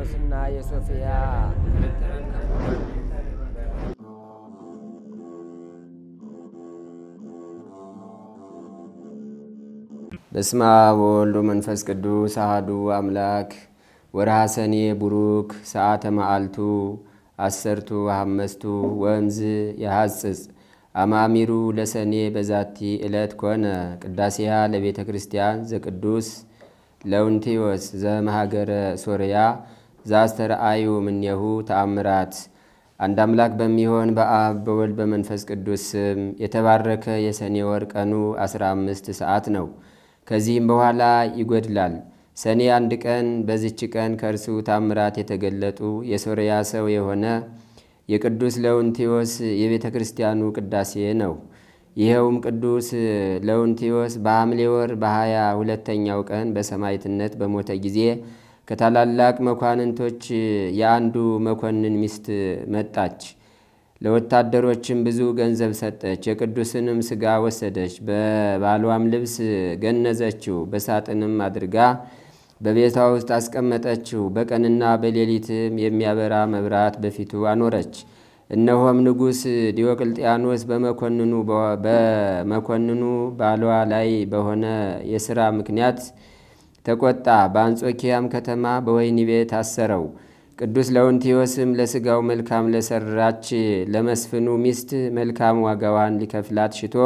የቴዎድሮስና የሶፊያ በስመ አብ ወወልድ ወመንፈስ ቅዱስ አሐዱ አምላክ። ወርሃ ሰኔ ቡሩክ ሰዓተ መዓልቱ አሰርቱ አሐመስቱ ወእምዝ የሐጽጽ አማሚሩ ለሰኔ በዛቲ ዕለት ኮነ ቅዳሴያ ለቤተ ክርስቲያን ዘቅዱስ ለውንቴዎስ ዘመሃገረ ሶርያ ዘአስተርአዩ እምኔሁ ተአምራት። አንድ አምላክ በሚሆን በአብ በወልድ በመንፈስ ቅዱስ ስም የተባረከ የሰኔ ወር ቀኑ 15 ሰዓት ነው። ከዚህም በኋላ ይጎድላል። ሰኔ አንድ ቀን በዚች ቀን ከእርሱ ታምራት የተገለጡ የሶርያ ሰው የሆነ የቅዱስ ለውንቴዎስ የቤተ ክርስቲያኑ ቅዳሴ ነው። ይኸውም ቅዱስ ለውንቴዎስ በሐምሌ ወር በሀያ ሁለተኛው ቀን በሰማዕትነት በሞተ ጊዜ ከታላላቅ መኳንንቶች የአንዱ መኮንን ሚስት መጣች። ለወታደሮችም ብዙ ገንዘብ ሰጠች። የቅዱስንም ስጋ ወሰደች፣ በባሏም ልብስ ገነዘችው፣ በሳጥንም አድርጋ በቤቷ ውስጥ አስቀመጠችው። በቀንና በሌሊትም የሚያበራ መብራት በፊቱ አኖረች። እነሆም ንጉሥ ዲዮቅልጥያኖስ በመኮንኑ በመኮንኑ ባሏ ላይ በሆነ የሥራ ምክንያት ተቆጣ። በአንጾኪያም ከተማ በወይኒ ቤት አሰረው። ቅዱስ ለውንቲዮስም ለስጋው መልካም ለሰራች ለመስፍኑ ሚስት መልካም ዋጋዋን ሊከፍላት ሽቶ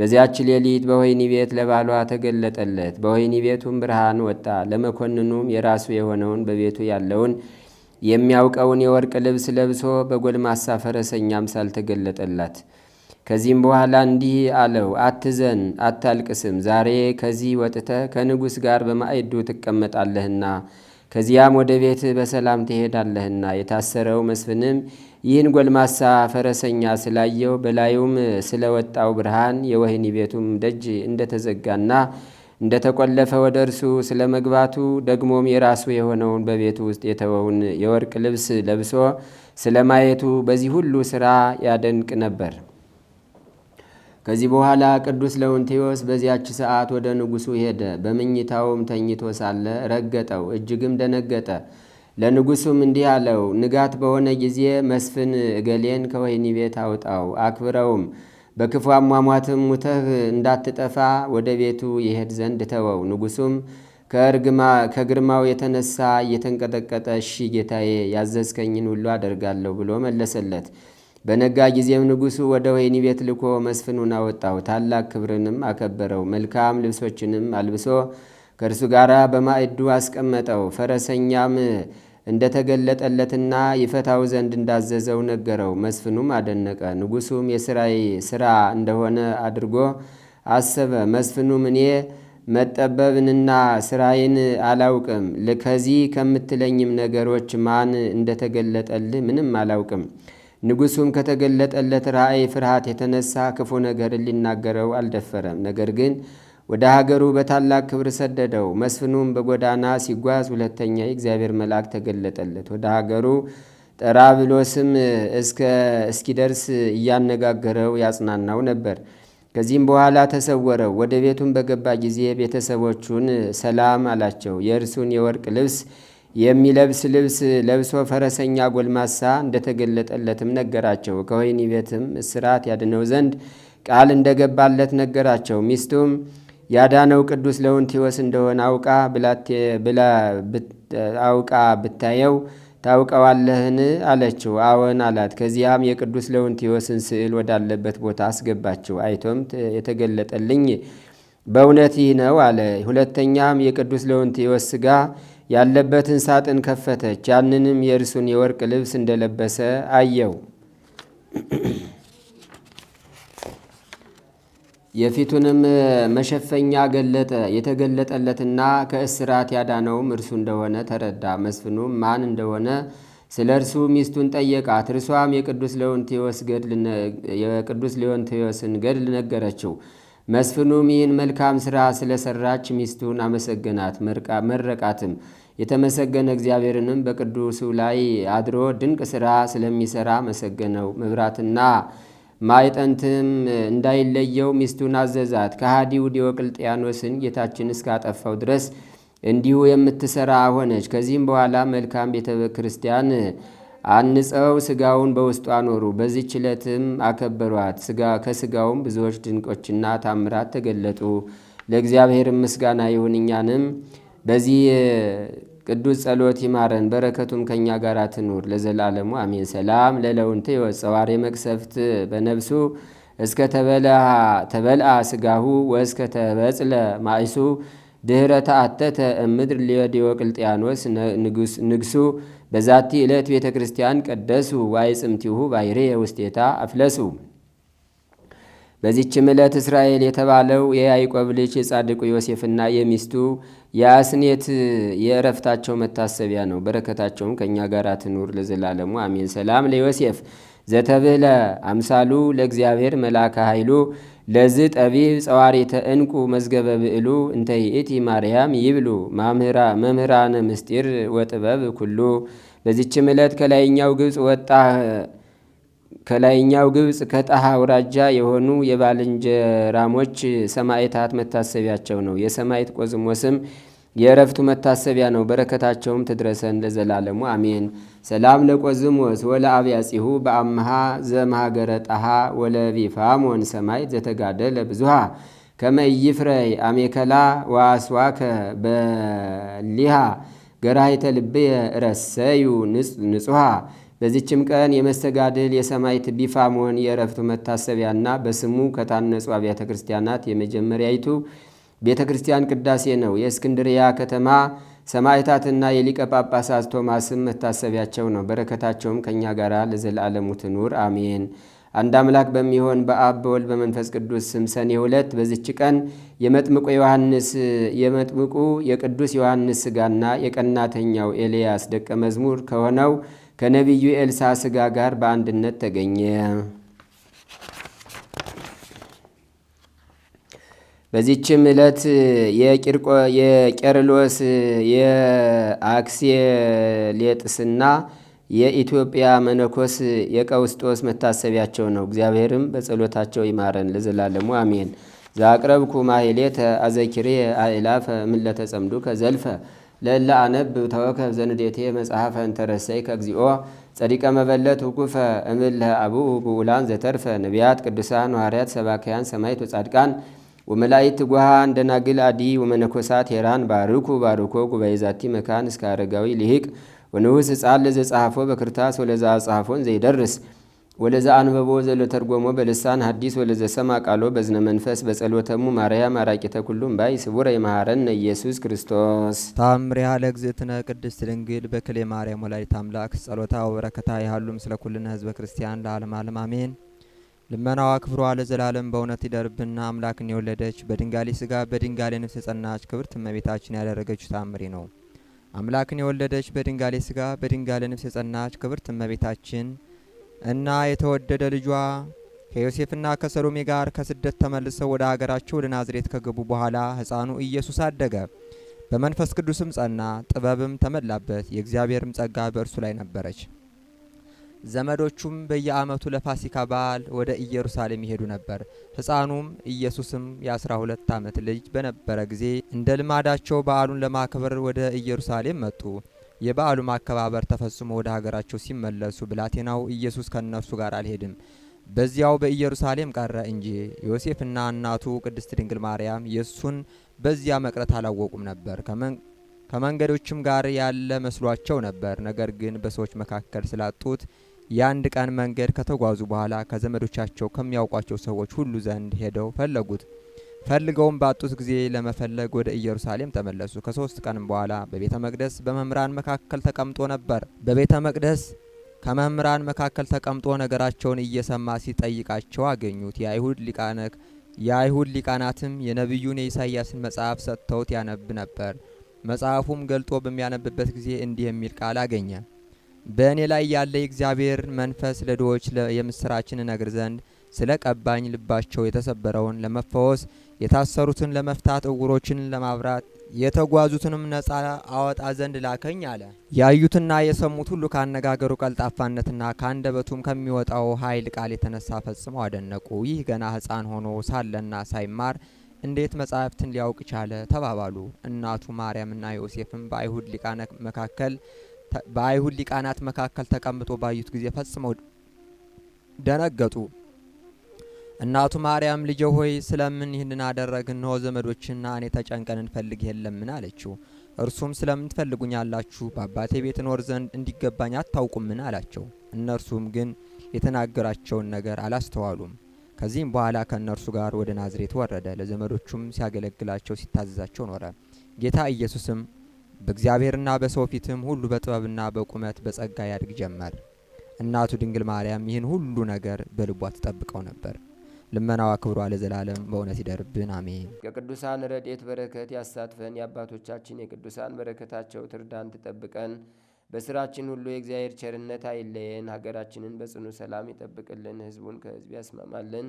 በዚያች ሌሊት በወይኒ ቤት ለባሏ ተገለጠለት። በወይኒ ቤቱም ብርሃን ወጣ። ለመኮንኑም የራሱ የሆነውን በቤቱ ያለውን የሚያውቀውን የወርቅ ልብስ ለብሶ በጎልማሳ ፈረሰኛም ሳልተገለጠላት ከዚህም በኋላ እንዲህ አለው፣ አትዘን አታልቅስም። ዛሬ ከዚህ ወጥተህ ከንጉሥ ጋር በማዕዱ ትቀመጣለህና ከዚያም ወደ ቤትህ በሰላም ትሄዳለህና። የታሰረው መስፍንም ይህን ጎልማሳ ፈረሰኛ ስላየው በላዩም ስለወጣው ብርሃን የወህኒ ቤቱም ደጅ እንደተዘጋና እንደተቆለፈ ወደ እርሱ ስለ መግባቱ ደግሞም የራሱ የሆነውን በቤቱ ውስጥ የተወውን የወርቅ ልብስ ለብሶ ስለ ማየቱ በዚህ ሁሉ ሥራ ያደንቅ ነበር። ከዚህ በኋላ ቅዱስ ለውንቴዎስ በዚያች ሰዓት ወደ ንጉሡ ሄደ። በመኝታውም ተኝቶ ሳለ ረገጠው፣ እጅግም ደነገጠ። ለንጉሡም እንዲህ አለው፣ ንጋት በሆነ ጊዜ መስፍን እገሌን ከወህኒ ቤት አውጣው፣ አክብረውም፣ በክፉ አሟሟትም ሙተህ እንዳትጠፋ ወደ ቤቱ ይሄድ ዘንድ ተወው። ንጉሡም ከግርማው የተነሳ እየተንቀጠቀጠ እሺ ጌታዬ፣ ያዘዝከኝን ሁሉ አደርጋለሁ ብሎ መለሰለት። በነጋ ጊዜም ንጉሱ ወደ ወይኒ ቤት ልኮ መስፍኑን አወጣው። ታላቅ ክብርንም አከበረው። መልካም ልብሶችንም አልብሶ ከእርሱ ጋር በማዕዱ አስቀመጠው። ፈረሰኛም እንደተገለጠለትና ይፈታው ዘንድ እንዳዘዘው ነገረው። መስፍኑም አደነቀ። ንጉሱም የስራይ ስራ እንደሆነ አድርጎ አሰበ። መስፍኑም እኔ መጠበብንና ስራዬን አላውቅም፣ ከዚህ ከምትለኝም ነገሮች ማን እንደተገለጠልህ ምንም አላውቅም ንጉሱም ከተገለጠለት ራእይ ፍርሃት የተነሳ ክፉ ነገር ሊናገረው አልደፈረም። ነገር ግን ወደ ሀገሩ በታላቅ ክብር ሰደደው። መስፍኑም በጎዳና ሲጓዝ ሁለተኛ የእግዚአብሔር መልአክ ተገለጠለት። ወደ ሀገሩ ጠራ ብሎ ስም እስኪደርስ እያነጋገረው ያጽናናው ነበር። ከዚህም በኋላ ተሰወረው። ወደ ቤቱም በገባ ጊዜ ቤተሰቦቹን ሰላም አላቸው። የእርሱን የወርቅ ልብስ የሚለብስ ልብስ ለብሶ ፈረሰኛ ጎልማሳ እንደተገለጠለትም ነገራቸው። ከወህኒ ቤትም እስራት ያድነው ዘንድ ቃል እንደገባለት ነገራቸው። ሚስቱም ያዳነው ቅዱስ ለውንቲወስ እንደሆነ አውቃ አውቃ ብታየው ታውቀዋለህን? አለችው። አዎን አላት። ከዚያም የቅዱስ ለውንቲወስን ስዕል ወዳለበት ቦታ አስገባችው። አይቶም የተገለጠልኝ በእውነት ይህ ነው አለ። ሁለተኛም የቅዱስ ለውንቲወስ ሥጋ ያለበትን ሳጥን ከፈተች። ያንንም የእርሱን የወርቅ ልብስ እንደለበሰ አየው። የፊቱንም መሸፈኛ ገለጠ። የተገለጠለትና ከእስራት ያዳነውም እርሱ እንደሆነ ተረዳ። መስፍኑም ማን እንደሆነ ስለ እርሱ ሚስቱን ጠየቃት። እርሷም የቅዱስ ሊዮንቴዎስን ገድል ነገረችው። መስፍኑም ይህን መልካም ሥራ ስለሰራች ሚስቱን አመሰገናት፣ መረቃትም። የተመሰገነ እግዚአብሔርንም በቅዱሱ ላይ አድሮ ድንቅ ስራ ስለሚሰራ መሰገነው። መብራትና ማይጠንትም እንዳይለየው ሚስቱን አዘዛት። ከሃዲው ዲዮቅልጥያኖስን ጌታችን እስካጠፋው ድረስ እንዲሁ የምትሰራ ሆነች። ከዚህም በኋላ መልካም ቤተ ክርስቲያን አንጸው ስጋውን በውስጡ አኖሩ። በዚህች ዕለትም አከበሯት። ከስጋውም ብዙዎች ድንቆችና ታምራት ተገለጡ። ለእግዚአብሔር ምስጋና ይሁን እኛንም በዚህ ቅዱስ ጸሎት ይማረን፣ በረከቱም ከእኛ ጋር ትኑር ለዘላለሙ አሜን። ሰላም ለለውንተ የወፀዋሬ መቅሰፍት በነብሱ እስከ ተበልአ ስጋሁ ወእስከ ተበጽለ ማእሱ ድኅረ ተአተተ እምድር ቅልጥያኖስ ንግሱ በዛቲ ዕለት ቤተ ክርስቲያን ቀደሱ ዋይ ጽምቲሁ ባይሬ ውስቴታ አፍለሱ በዚችም ዕለት እስራኤል የተባለው የያይቆብ ልጅ የጻድቁ ዮሴፍና የሚስቱ የአስኔት የእረፍታቸው መታሰቢያ ነው። በረከታቸውም ከእኛ ጋር ትኑር ለዘላለሙ አሜን። ሰላም ለዮሴፍ ዘተብህለ አምሳሉ ለእግዚአብሔር መልአከ ኃይሉ ለዝ ጠቢብ ጸዋሪተ እንቁ መዝገበ ብዕሉ እንተ ይእቲ ማርያም ይብሉ መምህራነ ምስጢር ወጥበብ ኩሉ። በዚችም ዕለት ከላይኛው ግብፅ ወጣ ከላይኛው ግብፅ ከጣሃ አውራጃ የሆኑ የባልንጀራሞች ሰማዕታት መታሰቢያቸው ነው። የሰማዕት ቆዝሞስም የእረፍቱ መታሰቢያ ነው። በረከታቸውም ትድረሰን ለዘላለሙ አሜን። ሰላም ለቆዝሞስ ወለአብያጺሁ በአምሃ ዘማሃገረ ጣሃ ወለቢፋሞን ሰማዕት ዘተጋደ ለብዙሃ ከመይፍረይ አሜከላ ዋስዋከ በሊሃ ገራይተ ልብየ ረሰዩ ንጹሃ በዚችም ቀን የመስተጋድል የሰማይት ቢፋሞን የእረፍቱ መታሰቢያና በስሙ ከታነጹ አብያተ ክርስቲያናት የመጀመሪያይቱ ቤተ ክርስቲያን ቅዳሴ ነው። የእስክንድርያ ከተማ ሰማዕታትና የሊቀ ጳጳሳት ቶማስም መታሰቢያቸው ነው። በረከታቸውም ከእኛ ጋር ለዘላለሙ ትኑር አሜን። አንድ አምላክ በሚሆን በአብ በወልድ በመንፈስ ቅዱስ ስም ሰኔ ሁለት በዚች ቀን የመጥምቁ ዮሐንስ የመጥምቁ የቅዱስ ዮሐንስ ስጋና የቀናተኛው ኤልያስ ደቀ መዝሙር ከሆነው ከነቢዩ ኤልሳ ስጋ ጋር በአንድነት ተገኘ። በዚችም ዕለት የቄርሎስ የአክሲሌጥስና የኢትዮጵያ መነኮስ የቀውስጦስ መታሰቢያቸው ነው። እግዚአብሔርም በጸሎታቸው ይማረን ለዘላለሙ አሜን። ዛቅረብኩ ማሄሌ ተአዘኪሬ አእላፈ ምለተጸምዱ ከዘልፈ ለእለ አነብ ተወከ ዘንዴቴ መጽሐፈ እንተረሰይ ከግዚኦ ጸዲቀ መበለት ውቁፈ እምል አቡኡ ብኡላን ዘተርፈ ነቢያት ቅዱሳን ዋርያት ሰባካያን ሰማዕት ወጻድቃን ወመላይት ጉሃን ደናግል አዲ ወመነኮሳት ሄራን ባርኩ ባርኮ ጉባኤ ዛቲ መካን እስከ አረጋዊ ልሂቅ ወንዑስ ሕፃን ለዘጸሐፎ በክርታስ ወለዛ ጸሐፎን ዘይደርስ ወለዛ አንበቦ ዘለተርጎሞ በልሳን ሐዲስ ወለዘ ሰማ ቃሎ በዝነ መንፈስ በጸሎተሙ ማርያም አራቂተ ኩሉም ባይ ስቡረ የማሐረነ ኢየሱስ ክርስቶስ ታምሪሃ ለእግዝእትነ ቅድስት ድንግል በክሌ ማርያም ወላዲተ አምላክ ጸሎታ ወበረከታ ይሃሉም ስለ ኩልነ ህዝበ ክርስቲያን ለዓለም ዓለም አሜን። ልመናዋ ክብሯ ለዘላለም በእውነት ይደርብና አምላክን የወለደች በድንጋሌ ስጋ በድንጋሌ ነፍስ የጸናች ክብርት እመቤታችን ያደረገችው ታምሪ ነው። አምላክን የወለደች በድንጋሌ ስጋ በድንጋሌ ነፍስ የጸናች ክብርት እመቤታችን እና የተወደደ ልጇ ከዮሴፍና ከሰሎሜ ጋር ከስደት ተመልሰው ወደ አገራቸው ወደ ናዝሬት ከገቡ በኋላ ሕፃኑ ኢየሱስ አደገ፣ በመንፈስ ቅዱስም ጸና፣ ጥበብም ተመላበት። የእግዚአብሔርም ጸጋ በእርሱ ላይ ነበረች። ዘመዶቹም በየዓመቱ ለፋሲካ በዓል ወደ ኢየሩሳሌም ይሄዱ ነበር። ሕፃኑም ኢየሱስም የአስራ ሁለት ዓመት ልጅ በነበረ ጊዜ እንደ ልማዳቸው በዓሉን ለማክበር ወደ ኢየሩሳሌም መጡ። የበዓሉ ማከባበር ተፈጽሞ ወደ ሀገራቸው ሲመለሱ ብላቴናው ኢየሱስ ከእነርሱ ጋር አልሄድም፣ በዚያው በኢየሩሳሌም ቀረ እንጂ። ዮሴፍና እናቱ ቅድስት ድንግል ማርያም የእሱን በዚያ መቅረት አላወቁም ነበር። ከመንገዶችም ጋር ያለ መስሏቸው ነበር። ነገር ግን በሰዎች መካከል ስላጡት የአንድ ቀን መንገድ ከተጓዙ በኋላ ከዘመዶቻቸው ከሚያውቋቸው ሰዎች ሁሉ ዘንድ ሄደው ፈለጉት። ፈልገውም ባጡት ጊዜ ለመፈለግ ወደ ኢየሩሳሌም ተመለሱ። ከሶስት ቀንም በኋላ በቤተ መቅደስ በመምህራን መካከል ተቀምጦ ነበር። በቤተ መቅደስ ከመምህራን መካከል ተቀምጦ ነገራቸውን እየሰማ ሲጠይቃቸው አገኙት። የአይሁድ ሊቃነክ የአይሁድ ሊቃናትም የነቢዩን የኢሳይያስን መጽሐፍ ሰጥተውት ያነብ ነበር። መጽሐፉም ገልጦ በሚያነብበት ጊዜ እንዲህ የሚል ቃል አገኘ። በእኔ ላይ ያለ የእግዚአብሔር መንፈስ ለድሆች የምስራችን እነግር ዘንድ ስለ ቀባኝ ልባቸው የተሰበረውን ለመፈወስ የታሰሩትን ለመፍታት እውሮችን ለማብራት የተጓዙትንም ነጻ አወጣ ዘንድ ላከኝ አለ። ያዩትና የሰሙት ሁሉ ካነጋገሩ ቀልጣፋነትና ከአንደበቱም ከሚወጣው ኃይል ቃል የተነሳ ፈጽመው አደነቁ። ይህ ገና ሕፃን ሆኖ ሳለና ሳይማር እንዴት መጻሕፍትን ሊያውቅ ቻለ? ተባባሉ። እናቱ ማርያምና ዮሴፍም በአይሁድ ሊቃናት መካከል በአይሁድ ሊቃናት መካከል ተቀምጦ ባዩት ጊዜ ፈጽመው ደነገጡ። እናቱ ማርያም ልጄ ሆይ ስለምን ይህንን አደረግ? እንሆ ዘመዶችና እኔ ተጨንቀን እንፈልግ የለምን አለችው። እርሱም ስለምን ትፈልጉኛላችሁ? በአባቴ ቤት እኖር ዘንድ እንዲገባኝ አታውቁምን አላቸው። እነርሱም ግን የተናገራቸውን ነገር አላስተዋሉም። ከዚህም በኋላ ከእነርሱ ጋር ወደ ናዝሬት ወረደ። ለዘመዶቹም ሲያገለግላቸው ሲታዘዛቸው ኖረ። ጌታ ኢየሱስም በእግዚአብሔርና በሰው ፊትም ሁሉ በጥበብና በቁመት በጸጋ ያድግ ጀመር። እናቱ ድንግል ማርያም ይህን ሁሉ ነገር በልቧ ትጠብቀው ነበር። ልመናዋ ክብሯ ለዘላለም በእውነት ይደርብን፣ አሜን። የቅዱሳን ረድኤት በረከት ያሳትፈን። የአባቶቻችን የቅዱሳን በረከታቸው ትርዳን፣ ትጠብቀን። በስራችን ሁሉ የእግዚአብሔር ቸርነት አይለየን። ሀገራችንን በጽኑ ሰላም ይጠብቅልን፣ ህዝቡን ከህዝብ ያስማማልን።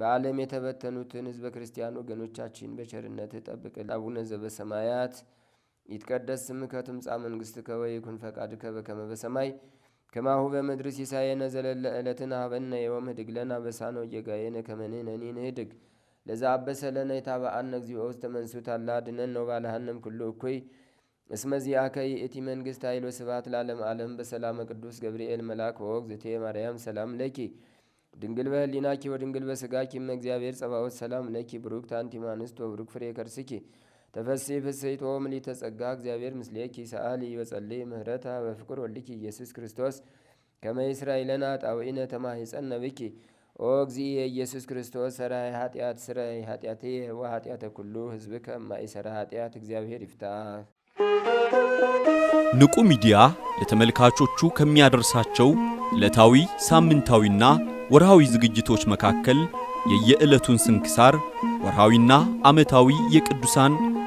በዓለም የተበተኑትን ህዝበ ክርስቲያን ወገኖቻችን በቸርነት ጠብቅልን። አቡነ ዘበሰማያት ይትቀደስ ስምከ ትምጻእ መንግሥትከ ወይኩን ፈቃድከ በከመ በሰማይ ከማሁ በምድር ሲሳየነ ዘለለ ዕለትን ሀበነ የወም ህድግ በሳኖ ጌጋየነ ከመንህነኒን ህድግ ለዛ አበሰለነ የታበአነ እግዚኦ ውስተ መንሱት አላ ድነን ነው ባለሃንም ኩሉ እኩይ እስመዚያ ከይእቲ መንግሥት ኃይሎ ስብሐት ለዓለም ዓለም በሰላመ ቅዱስ ገብርኤል መልአክ ወወግ ማርያም ሰላም ለኪ ድንግል በህሊናኪ ወድንግል በስጋኪ እመ እግዚአብሔር ጸባዖት ሰላም ለኪ ብሩክት አንቲ እምአንስት ወብሩክ ፍሬ ከርስኪ ተፈሴ ፍሴቶ ምሊተ ጸጋ እግዚአብሔር ምስሌኪ ሰአሊ በጸልይ ምህረታ በፍቅር ወልኪ ኢየሱስ ክርስቶስ ከመ ይስራኤለነ ጣውዒነ ተማሂፀነ ብኪ ኦ እግዚእ ኢየሱስ ክርስቶስ ሰራይ ኃጢአት ስራይ ኃጢአቴ ወኃጢአተ ኩሉ ህዝብ ከማይሰራ ኃጢአት እግዚአብሔር ይፍታ። ንቁ ሚዲያ ለተመልካቾቹ ከሚያደርሳቸው ዕለታዊ ሳምንታዊና ወርሃዊ ዝግጅቶች መካከል የየዕለቱን ስንክሳር ወርሃዊና ዓመታዊ የቅዱሳን